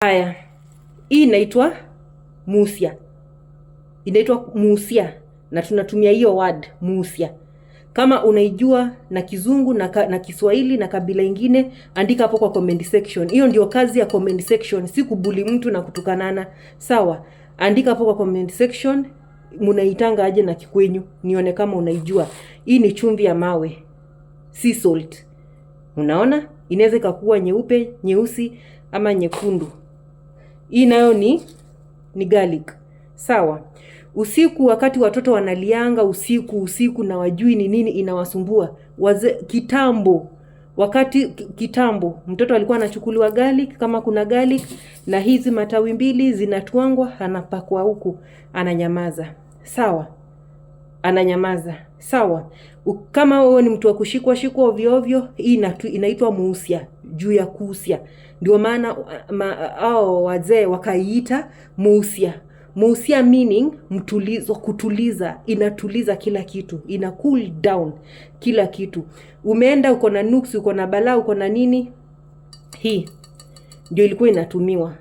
Haya, hii inaitwa musia, inaitwa musia na tunatumia hiyo word musia. Kama unaijua na Kizungu na, ka, na Kiswahili na kabila ingine, andika hapo kwa comment section. Hiyo ndio kazi ya comment section, si kubuli mtu na kutukanana, sawa? Andika hapo kwa comment section munaitanga aje na kikwenyu, nione kama unaijua. Hii ni chumvi ya mawe, sea salt. Unaona, inaweza ikakuwa nyeupe, nyeusi ama nyekundu. Hii nayo ni ni garlic. Sawa. Usiku wakati watoto wanalianga usiku usiku na wajui ni nini inawasumbua. Waze, kitambo wakati kitambo mtoto alikuwa anachukuliwa garlic, kama kuna garlic na hizi matawi mbili zinatwangwa, anapakwa huku, ananyamaza. Sawa, ananyamaza. Sawa. Kama wewe ni mtu wa kushikwa shikwa ovyo ovyo, hii inaitwa muusia juu ya kuhusia. Ndio maana uh, ma, uh, wazee wakaiita muusia. Muusia meaning mtulizo, kutuliza. Inatuliza kila kitu, ina cool down kila kitu. Umeenda uko na nuksi, uko na balaa, uko na nini, hii ndio ilikuwa inatumiwa.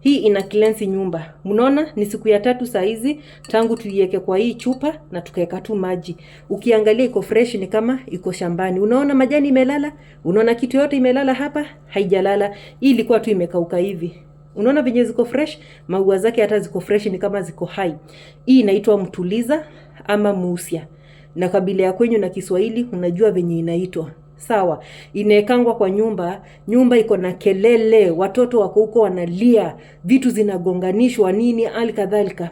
Hii ina cleanse nyumba. Mnaona ni siku ya tatu saa hizi tangu tuiweke kwa hii chupa na tukaeka tu maji. Ukiangalia iko fresh ni kama iko shambani. Unaona majani imelala? Unaona kitu yote imelala hapa? Haijalala. Hii ilikuwa tu imekauka hivi. Unaona venye ziko fresh, maua zake hata ziko fresh ni kama ziko hai. Hii inaitwa mtuliza ama muusia. Na kabila ya kwenyu na Kiswahili unajua venye inaitwa sawa, inaekangwa kwa nyumba, nyumba iko na kelele, watoto wako huko wanalia, vitu zinagonganishwa nini, hali kadhalika.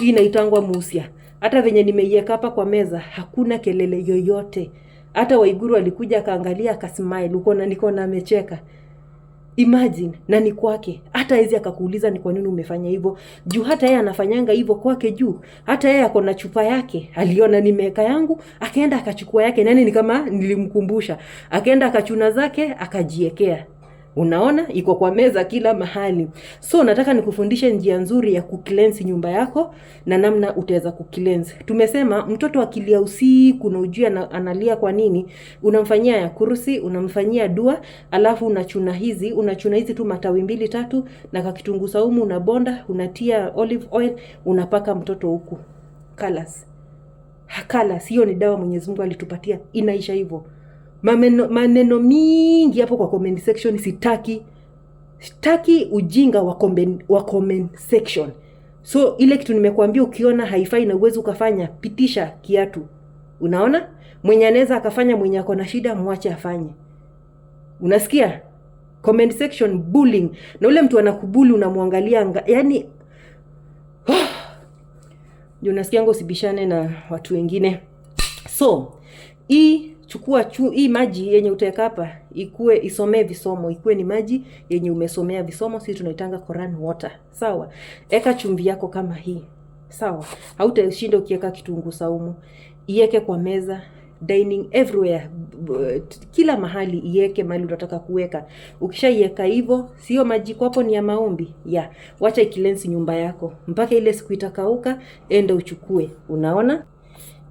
Hii inaitangwa musia. Hata venye nimeiweka hapa kwa meza, hakuna kelele yoyote. Hata Waiguru alikuja akaangalia, akasmile, uko na niko na amecheka. Imagine na ni kwake, hata hizi akakuuliza ni kwa nini umefanya hivyo, juu hata yeye anafanyanga hivyo kwake, juu hata yeye ako na chupa yake, aliona ni meka yangu, akaenda akachukua yake. Nani ni kama nilimkumbusha, akaenda akachuna zake akajiekea. Unaona, iko kwa meza kila mahali. So nataka nikufundishe njia nzuri ya ku nyumba yako na namna utaweza ku Tumesema mtoto akilia usiku na ujui analia kwa nini, unamfanyia ya kurusi, unamfanyia dua, alafu unachuna hizi, unachuna hizi tu matawi mbili tatu na kitunguu saumu unabonda, unatia olive oil, unapaka mtoto huku. Kalas. Hakalas, hiyo ni dawa Mwenyezi Mungu alitupatia. Inaisha hivyo maneno, maneno mingi hapo kwa comment section. Sitaki, sitaki ujinga wa comment, wa comment section. So ile kitu nimekuambia ukiona haifai na uwezi ukafanya, pitisha kiatu. Unaona, mwenye anaweza akafanya, mwenye ako na shida mwache afanye. Unasikia comment section bullying, na ule mtu anakubuli unamwangalia, yani oh, ah! unasikia ngo usibishane na watu wengine. So hii chukua chu, hii maji yenye utaweka hapa ikue isomee visomo, ikue ni maji yenye umesomea visomo. Sisi tunaitanga Quran water, sawa. Eka chumvi yako kama hii, sawa. Hautashinda ukiweka kitunguu saumu, iweke kwa meza dining everywhere, kila mahali iweke mahali unataka kuweka. Ukishaiweka hivyo, sio maji kwapo, ni ya maombi ya yeah. Wacha ikilensi nyumba yako mpaka ile siku itakauka, enda uchukue. Unaona,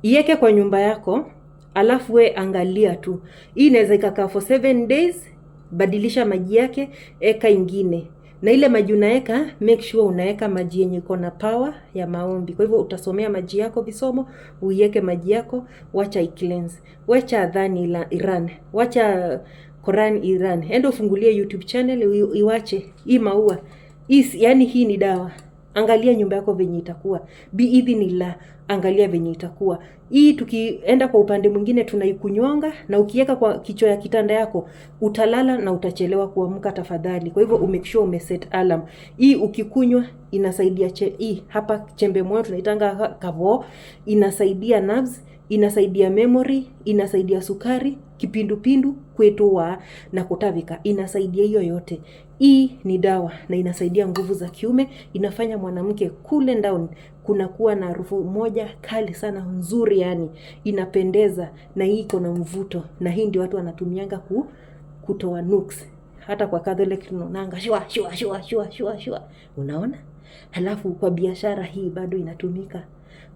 iweke kwa nyumba yako alafu we angalia tu. Hii inaweza ikakaa for seven days, badilisha maji yake, eka ingine na ile maji unaeka, make sure unaeka maji yenye iko na power ya maombi. Kwa hivyo utasomea maji yako visomo, uiweke maji yako, wacha i-cleanse, wacha adhani Iran, wacha Quran Iran, enda ufungulie YouTube channel iwache hii maua hii, yani hii ni dawa. Angalia nyumba yako venye itakuwa, biidhinillah. Angalia venye itakuwa hii. Tukienda kwa upande mwingine, tunaikunyonga na ukiweka kwa kichwa ya kitanda yako utalala na utachelewa kuamka. Tafadhali, kwa hivyo umake sure umeset alarm hii. Ukikunywa inasaidia che, hii hapa chembe moyo tunaitanga kavo, inasaidia nerves, inasaidia memory, inasaidia sukari kipindupindu kwetuwa na kutavika inasaidia hiyo yote. Hii ni dawa na inasaidia nguvu za kiume, inafanya mwanamke kule down. Kuna kuwa na harufu moja kali sana nzuri, yani inapendeza na hii iko na mvuto, na hii ndio watu wanatumianga ku, kutoa nuks. Hata kwa Catholic tunaonanga shwa shwa shwa shwa shwa, unaona. Halafu kwa biashara hii bado inatumika.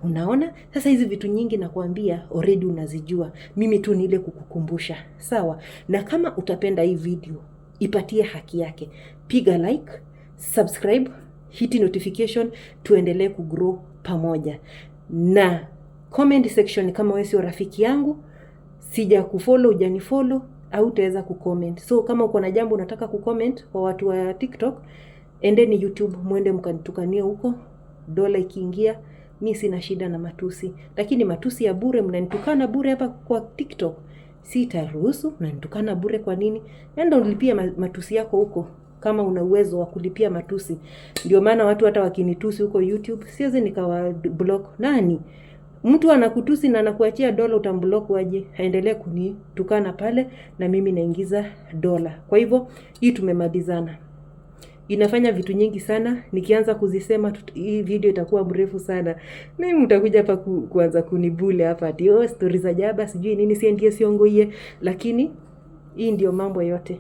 Unaona sasa, hizi vitu nyingi nakwambia already unazijua, mimi tu ni ile kukukumbusha, sawa? Na kama utapenda hii video, ipatie haki yake, piga like, subscribe, hiti notification, tuendelee kugrow pamoja. Na comment section, kama wewe sio rafiki yangu, sija kufollow, hujanifollow au utaweza kucomment. So kama uko na jambo unataka kucomment kwa watu wa TikTok, endeni YouTube, mwende mkanitukanie huko, dola ikiingia mi sina shida na matusi, lakini matusi ya bure, mnanitukana bure hapa kwa TikTok sitaruhusu. Mnanitukana bure kwa nini? enda yaani ulipia matusi yako huko kama una uwezo wa kulipia matusi. Ndio maana watu hata wakinitusi huko YouTube siwezi nikawa block nani. Mtu anakutusi na anakuachia dola, utamblock waje aendelee kunitukana pale, na mimi naingiza dola. Kwa hivyo hii tumemalizana inafanya vitu nyingi sana. Nikianza kuzisema hii video itakuwa mrefu sana, mimi mtakuja hapa ku, kuanza kunibule hapa ati oh, stori za jaba sijui nini, siendie siongoie, lakini hii ndio mambo yote.